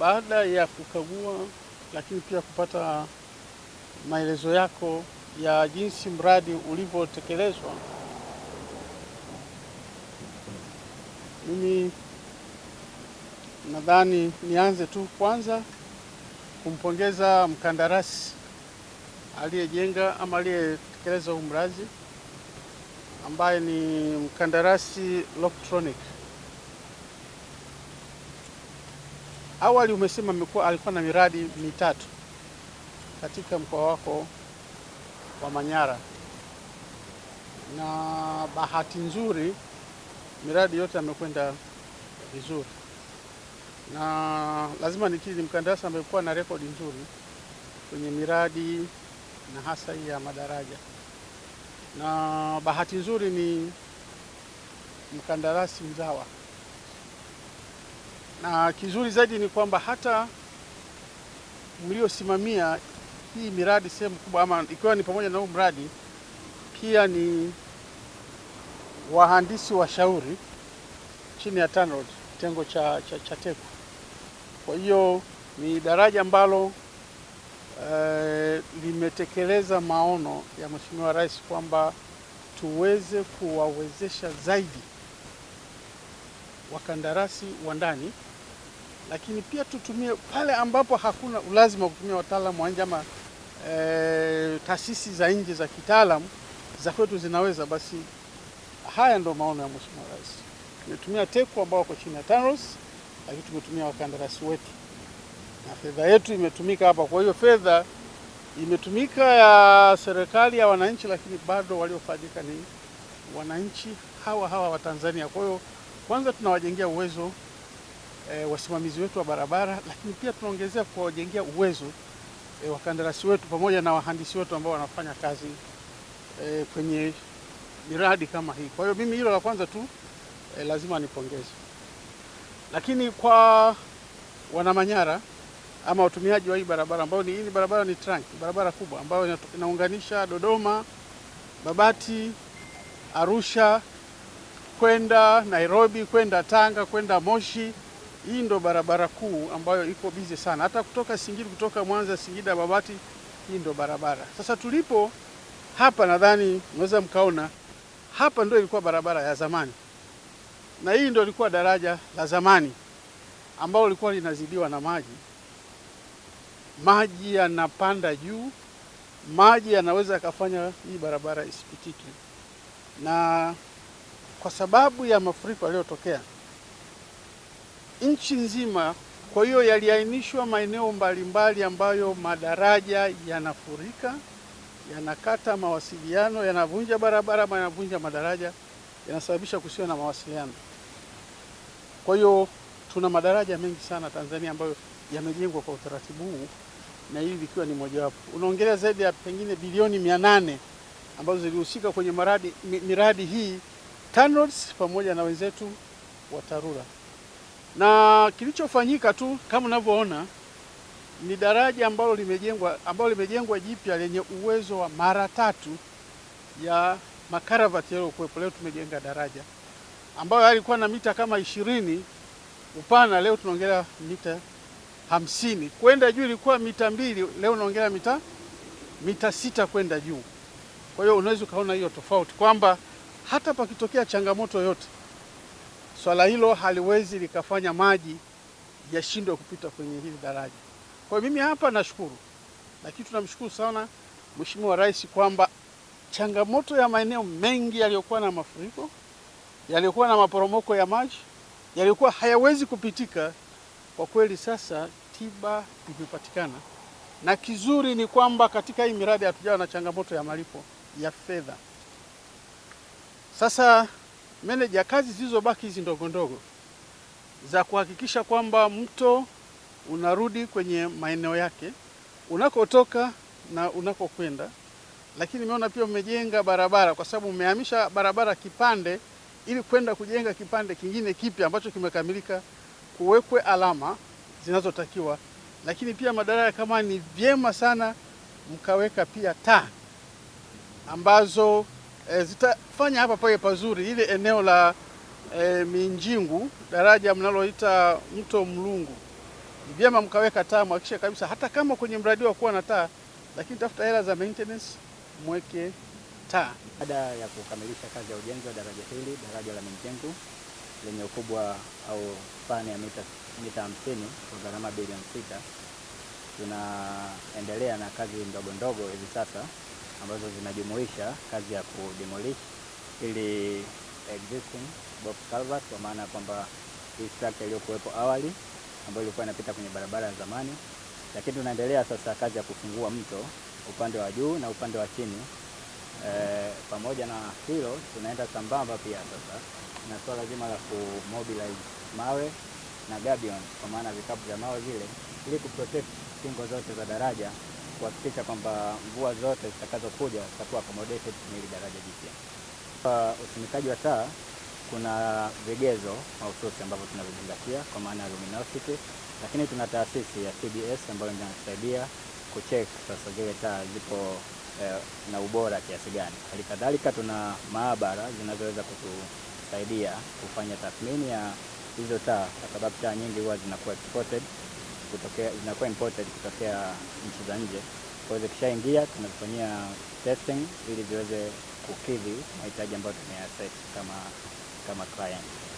Baada ya kukagua, lakini pia kupata maelezo yako ya jinsi mradi ulivyotekelezwa, mimi nadhani nianze tu kwanza kumpongeza mkandarasi aliyejenga ama aliyetekeleza huu mradi ambaye ni mkandarasi Loctronic. Awali umesema amekuwa alikuwa na miradi mitatu katika mkoa wako wa Manyara, na bahati nzuri miradi yote amekwenda vizuri, na lazima nikiri, mkandarasi amekuwa na rekodi nzuri kwenye miradi na hasa hii ya madaraja, na bahati nzuri ni mkandarasi mzawa na kizuri zaidi ni kwamba hata mliosimamia hii miradi sehemu kubwa, ama ikiwa ni pamoja na huu mradi, pia ni wahandisi washauri chini ya TANROADS kitengo cha, cha, cha teku. Kwa hiyo ni daraja ambalo eh, limetekeleza maono ya Mheshimiwa Rais kwamba tuweze kuwawezesha zaidi wakandarasi wa ndani, lakini pia tutumie pale ambapo hakuna ulazima wa kutumia wataalamu wa nje ama e, taasisi za nje za kitaalamu za kwetu zinaweza. Basi haya ndo maono ya Mheshimiwa Rais. Tumetumia teku ambao wako chini ya TANROADS, lakini tumetumia wakandarasi wetu na fedha yetu imetumika hapa. Kwa hiyo fedha imetumika ya serikali ya wananchi, lakini bado waliofaidika ni wananchi hawa hawa wa Tanzania. Kwa hiyo kwanza tunawajengea uwezo e, wasimamizi wetu wa barabara, lakini pia tunaongezea kuwajengea uwezo e, wakandarasi wetu pamoja na wahandisi wetu ambao wanafanya kazi e, kwenye miradi kama hii. Kwa hiyo mimi hilo la kwanza tu e, lazima nipongeze, lakini kwa wanamanyara ama watumiaji wa hii barabara ambao ni hii barabara ni trunk, barabara kubwa ambayo inaunganisha Dodoma, Babati, Arusha kwenda Nairobi, kwenda Tanga, kwenda Moshi. Hii ndo barabara kuu ambayo iko bize sana, hata kutoka Singida, kutoka Mwanza, Singida, Babati, hii ndo barabara. Sasa tulipo hapa, nadhani mnaweza mkaona hapa ndo ilikuwa barabara ya zamani, na hii ndo ilikuwa daraja la zamani ambalo lilikuwa linazidiwa na maji. Maji yanapanda juu, maji yanaweza yakafanya hii barabara isipitike na kwa sababu ya mafuriko yaliyotokea nchi nzima. Kwa hiyo yaliainishwa maeneo mbalimbali ambayo madaraja yanafurika, yanakata mawasiliano, yanavunja barabara yanavunja madaraja, yanasababisha kusiwa na mawasiliano. Kwa hiyo tuna madaraja mengi sana Tanzania ambayo yamejengwa kwa utaratibu huu na hili likiwa ni mojawapo. Unaongelea zaidi ya pengine bilioni mia nane ambazo zilihusika kwenye maradi, miradi hii. TANROADS pamoja na wenzetu wa TARURA, na kilichofanyika tu kama unavyoona ni daraja ambalo limejengwa ambalo limejengwa jipya lenye uwezo wa mara tatu ya makaravati yaliyokuwepo. Leo tumejenga daraja ambayo alikuwa na mita kama ishirini upana, leo tunaongelea mita hamsini kwenda juu. Ilikuwa mita mbili, leo unaongelea mita mita sita kwenda juu. Kwa hiyo unaweza ukaona hiyo tofauti kwamba hata pakitokea changamoto yote swala hilo haliwezi likafanya maji yashindwe kupita kwenye hili daraja. Kwa mimi hapa nashukuru, lakini tunamshukuru sana Mheshimiwa Rais kwamba changamoto ya maeneo mengi yaliyokuwa na mafuriko, yaliyokuwa na maporomoko ya maji, yaliyokuwa hayawezi kupitika, kwa kweli sasa tiba imepatikana, na kizuri ni kwamba katika hii miradi hatujawa na changamoto ya malipo ya fedha. Sasa meneja, kazi zilizobaki hizi ndogo ndogo za kuhakikisha kwamba mto unarudi kwenye maeneo yake unakotoka na unakokwenda, lakini nimeona pia umejenga barabara, kwa sababu umehamisha barabara kipande ili kwenda kujenga kipande kingine kipya ambacho kimekamilika, kuwekwe alama zinazotakiwa. Lakini pia madaraja, kama ni vyema sana mkaweka pia taa ambazo e, zitafanya hapa pawe pazuri. Ile eneo la e, Minjingu daraja mnaloita mto Mlungu ni vyema mkaweka taa, mwakishe kabisa, hata kama kwenye mradi wa kuwa na taa, lakini tafuta hela za maintenance mweke taa. Baada ya kukamilisha kazi ya ujenzi wa daraja hili, daraja la Minjingu lenye ukubwa au pani ya mita mita hamsini kwa gharama bilioni sita tunaendelea na kazi ndogo ndogo hivi sasa ambazo zinajumuisha kazi ya kudemolish ili existing box culvert, kwa maana ya kwamba hii structure iliyokuwepo awali ambayo ilikuwa inapita kwenye barabara ya zamani, lakini tunaendelea sasa kazi ya kufungua mto upande wa juu na upande wa chini. E, pamoja na hilo tunaenda sambamba pia sasa na swala zima la kumobilize mawe na gabion, kwa maana vikapu vya mawe vile, ili kuprotect kingo zote za daraja kuhakikisha kwamba mvua zote zitakazokuja zitakuwa accommodated kwenye hili daraja jipya. Kwa usimikaji wa taa, kuna vigezo mahususi ambavyo tunavizingatia kwa maana ya luminosity, lakini tuna taasisi ya TBS ambayo inatusaidia kucheck sasa zile taa zipo eh, na ubora kiasi gani. Hali kadhalika tuna maabara zinazoweza kutusaidia kufanya tathmini ya hizo taa, kwa sababu taa nyingi huwa zinakuwa exported kutokea, zinakuwa imported kutokea nchi za nje. Kwa hiyo zikishaingia tunafanyia testing ili ziweze kukidhi mahitaji ambayo tumeyaset kama, kama client.